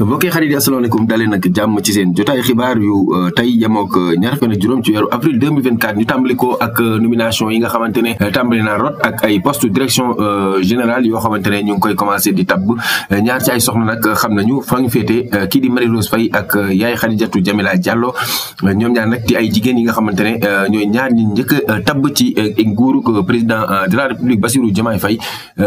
mbokki xarit yi asalaamaaleykum dalee nag jàmm ci seen jotaay xibaar yu euh, tey yemook euh, ñaar fukk ak juróom ci weeru avril 2024 ñu tàmbali ak euh, nomination yi nga xamante ne tàmbali na ak ay poste direction générale yoo xamante ne ñu ngi koy commencé di tabb ñaar ci ay soxna nag xam nañu fa ñu féete kii di Marie Rose Faye ak yaay Khadijatou Jamila Diallo ñoom ñaar nag di ay jigéen yi nga xamante ne ñooy ñaar ñi njëkk a ci nguuru président de la République Bassirou Diomaye Faye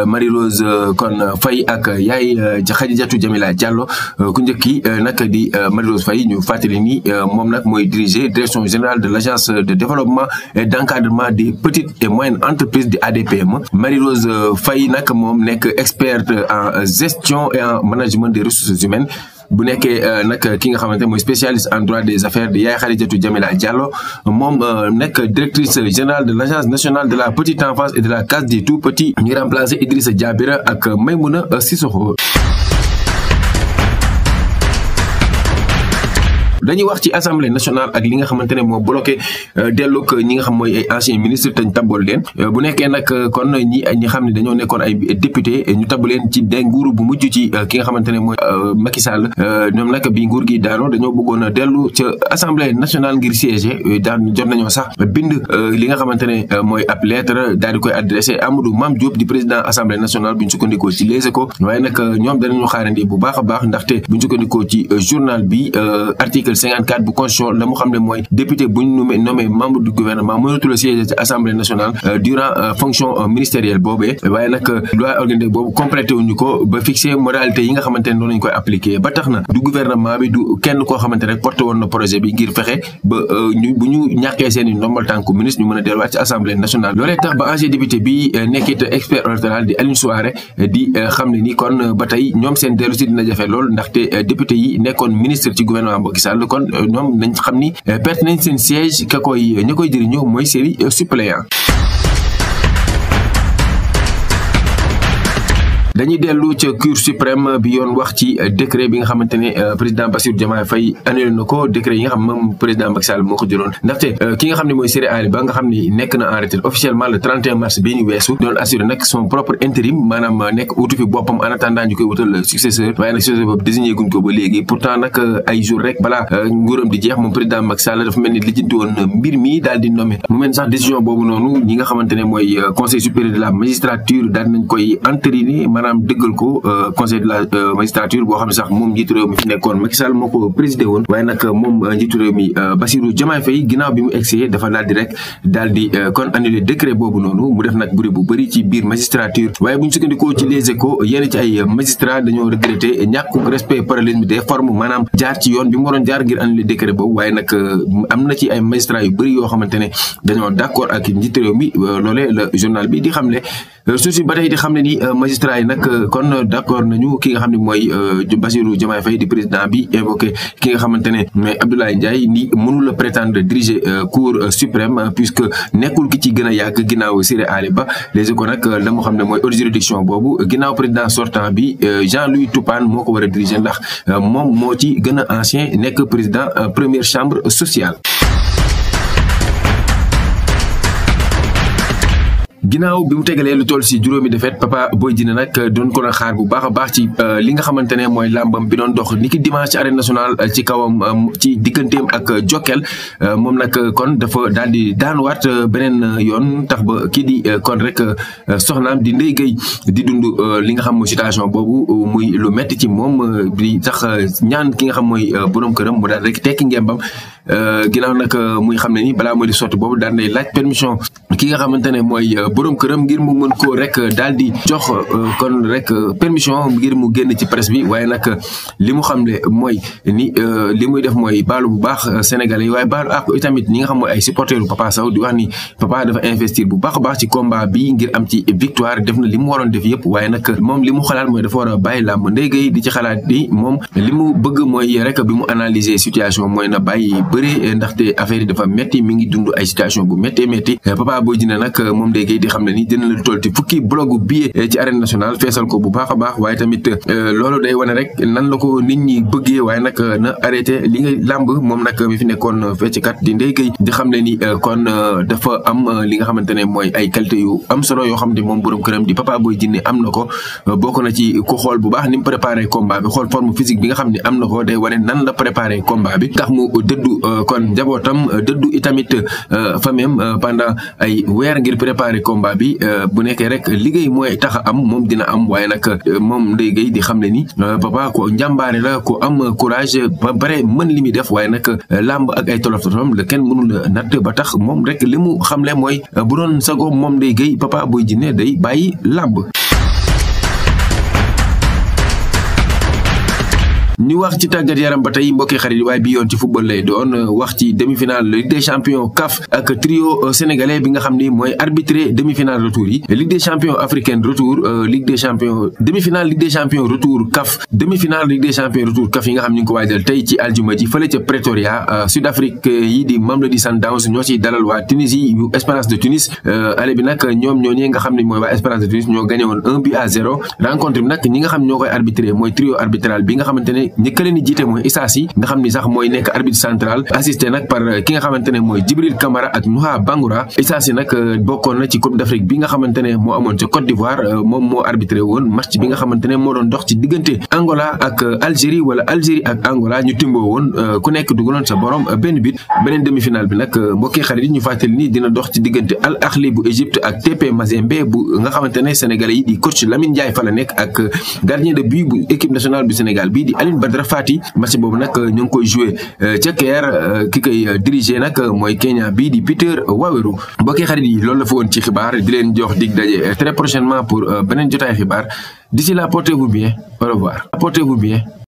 Marie Rose kon fay ak yaay Khadijatou Jamila Diallo Euh, ku ki euh, nak di euh, Marie-Rose Faye ñu ni mom direction générale de l'agence de développement et d'encadrement des petites et moyennes entreprises de ADPM Marie-Rose Faye nak experte en gestion et en management des ressources humaines bu nekkee nag ki nga xamante spécialiste en droit des affaires de Yaay Xarijatou Jamila Diallo moom nekk directrice générale de l'agence nationale de la petite enfance et de la case des tout petits ñu remplacer Idrissa Diabira ak Maymouna Sissoko dañuy wax ci assemblée nationale ak li nga xamante ne moo bloqué euh, delloo ko ñi nga xam mooy ay ancien ministre te ñu tabool leen euh, bu nekkee nag euh, kon ñi ñi xam ne dañoo nekkoon ay député ñu tabb leen ci day nguuru bu mujj ci ki nga xamante ne mooy Macky Sall ñoom nag bi nguur gi daanoo dañoo bëggoon a dellu ca assemblée nationale ngir siéger daan jot nañoo sax bind li nga xamante ne mooy ab lettre daal di koy adressé Amadou Mame di président assemblée nationale bu ñu sukkandikoo ci Les Échos waaye nag ñoom danañu xaarandi bu baax a baax ndaxte bu ñu sukkandikoo ci journal bi article article 54 bu constitution la mu xam moy député bu ñu nommé nommé membre du gouvernement mënatul le siéger ci assemblée nationale euh, durant euh, fonction euh, ministérielle bobé wayé nak loi organique bobu complété wuñu ko ba fixé modalité yi nga xamante ne lañ koy appliquer ba taxna du gouvernement bi du kenn ko xamanté rek porté won na projet bi ngir fexe ba ñu bu ñu ñàkkee seen ndombal ministre ñu mëna a delluwaat ci assemblée nationale lolé tax ba ancien député bi nekkit expert électoral di Alioune soirée di xam ne ni kon ba tey ñoom seen dellu si dina jafe lool ndaxte député yi nekkon ministre ci gouvernement Macky wàll kon ñoom nañ xam ni euh, perte nañ seen siège ka koy ña koy jëriñoo mooy seeni euh, suppléant dañu dellu ca cour suprême bi yoon wax ci décret bi nga xamante ne euh, président Bassirou Diomaye Faye annulé na ko décret yi euh, ne ko ba léegi euh, nga xamante mooy conseil supérieur de la magistrature daal nañ koy entériné maanaam maanaam dëggal ko euh, conseil de la euh, magistrature boo xam ne sax moom njiitu réew mi fi nekkoon Macky Sall moo ko présidé woon waaye nag euh, moom njiitu réew mi Bassirou Diomaye Faye ginnaaw bi mu egsee dafa daal di rek daal di kon annulé décret boobu noonu mu def nag bruit bu bëri ci biir magistrature waaye bu sukkandikoo ci Les Échos yenn ci ay magistrat dañoo regretté ñàkkug respect parallélisme des formes maanaam jaar ci yoon bi mu jaar ngir annulé décret boobu waaye nag am na ci ay magistrats Euh, suuf ba tey di xam ni euh, magistrat yi euh, nañu ki président bi invoqué ki nga xamante ni mënul prétendre diriger cour suprême puisque nekkul ki ci gën Siré Ali les nag la mu juridiction président sortant bi Jean-Louis Toupane moo ko diriger ancien président première chambre sociale. ginnaaw bi mu tegalee lu toll si juróomi defet Papa Boy Djiné nag doon ko na xaar bu baax a baax ci euh, li nga xamante ne mooy làmbam bi doon dox ni ki dimanche ci arène nationale euh, ci kawam euh, ci digganteem ak Jokkel moom nag kon dafa daal di daanuwaat beneen yoon tax ba kii di kon rek soxnaam di Ndeye Gueye di dund li nga xam mooy situation boobu muy lu metti ci moom di tax ñaan ki nga xam mooy borom këram mu daal rek tekki ngembam ginnaaw nag muy xam ne ni balaa muy di boobu daal nay laaj permission ki nga borom këram ngir mu mën koo rek euh, daal di jox euh, kon rek euh, permission ngir mu génn ci presse bi waaye nag li mu xam ne mooy ni li muy def mooy baalu bu baax sénégalais yi waaye baalu ak itamit ñi nga xam mooy ay supporteru Papa Sow di wax ni Papa dafa investir bu baax a baax ci combat bi ngir am ci victoire def na li mu waroon def yëpp waaye nag moom li mu xalaat mooy dafa war a bàyyi làmb ndéygay di ci xalaat ni moom li mu bëgg mooy rek bi mu analyser situation mooy na bàyyi bëre ndaxte affaire dafa metti mi ngi dund ay situation bu méttee métti Papa xam ne ni dina la toll ci fukki blogu billet eh, ci arène nationale feesal ko bu baax a baax waaye tamit eh, loolu day wane rek nan la ko nit ñi bëggee waaye nag eh, na arrêté li ngay làmb moom nag mi fi nekkoon fecckat di Ndeye ni kon dafa am li nga xamante ne mooy ay qualité yu am solo yoo xam ne moom borom këram di Papa Boy Djiné am na ko bokk ci ku xool bu baax ni mu préparé combat bi xool forme physique bi nga xam ne am na ko day wane nan la préparé combat bi tax mu dëddu kon njabootam dëddu itamit famem pendant ay weer ngir préparé combat combat bi euh, bu nekkee rek liggéey mooy tax a am moom dina am way nag euh, moom Ndeye Gueye di xam ne ni euh, papa ko njàmbaare la ko am courage ba bare mën li muy def waaye nag lamb ak ay tolof-tolof la kenn mënul natt ba tax moom rek li mu xamle mooy bu doon sago moom Ndeye Gueye papa Boy day bàyyi lamb ñu wax ci tàggat yaram ba tey mbokki xarit waaye bi yoon ci football lay doon wax ci demi-finale Ligue des champions CAF ak trio euh, sénégalais bi nga xam ni mooy arbitré demi-finale retour yi Ligue des champions africaine retour euh, Ligue des champions demi-finale Ligue des champions retour CAF demi-finale Ligue des champions retour CAF yi nga xam ni ñu ko waajal tey ci aljuma ji fële euh, yi ñoo ci Espérance de Tunis ale bi nag ñoom ñooñee nga xam ne mooy waa Espérance nga xam ñoo koy mooy trio arbitral bi nga xamante ne Gueye njëkk leen jiite mooy Issa nga xam ni sax mooy nekk arbitre central assisté nag par euh, ki nga xamante ne mooy Djibril Camara ak Nouha Bangoura Issa Sy nag euh, bokkoon na ci Coupe d'Afrique bi nga xamante ne moo amoon ca Côte d'Ivoire euh, moom moo arbitré woon match bi nga xamante ne moo doon dox ci diggante Angola ak Algérie wala Algérie ak Angola ñu timboo woon ku nekk dugaloon sa borom benn bit beneen demi final bi nag mbokki xarit yi ñu fàttali ni dina dox ci diggante a Ahli bu Égypte ak TP nga xamante ne Sénégalais yi di coach Lamine Ndiaye fa la nekk ak gardien de but bu Sénégal bii Badara Fati match boobu nag euh, ñu ngi koy joué euh, ca Caire euh, ki koy dirigé nag mooy Kenya bii di Peter Waweru mbokki xarit yi loolu la fa woon ci xibaar di leen jox dig daje très prochainement pour beneen jotaay xibaar d'ici là portez-vous bien au revoir portez-vous bien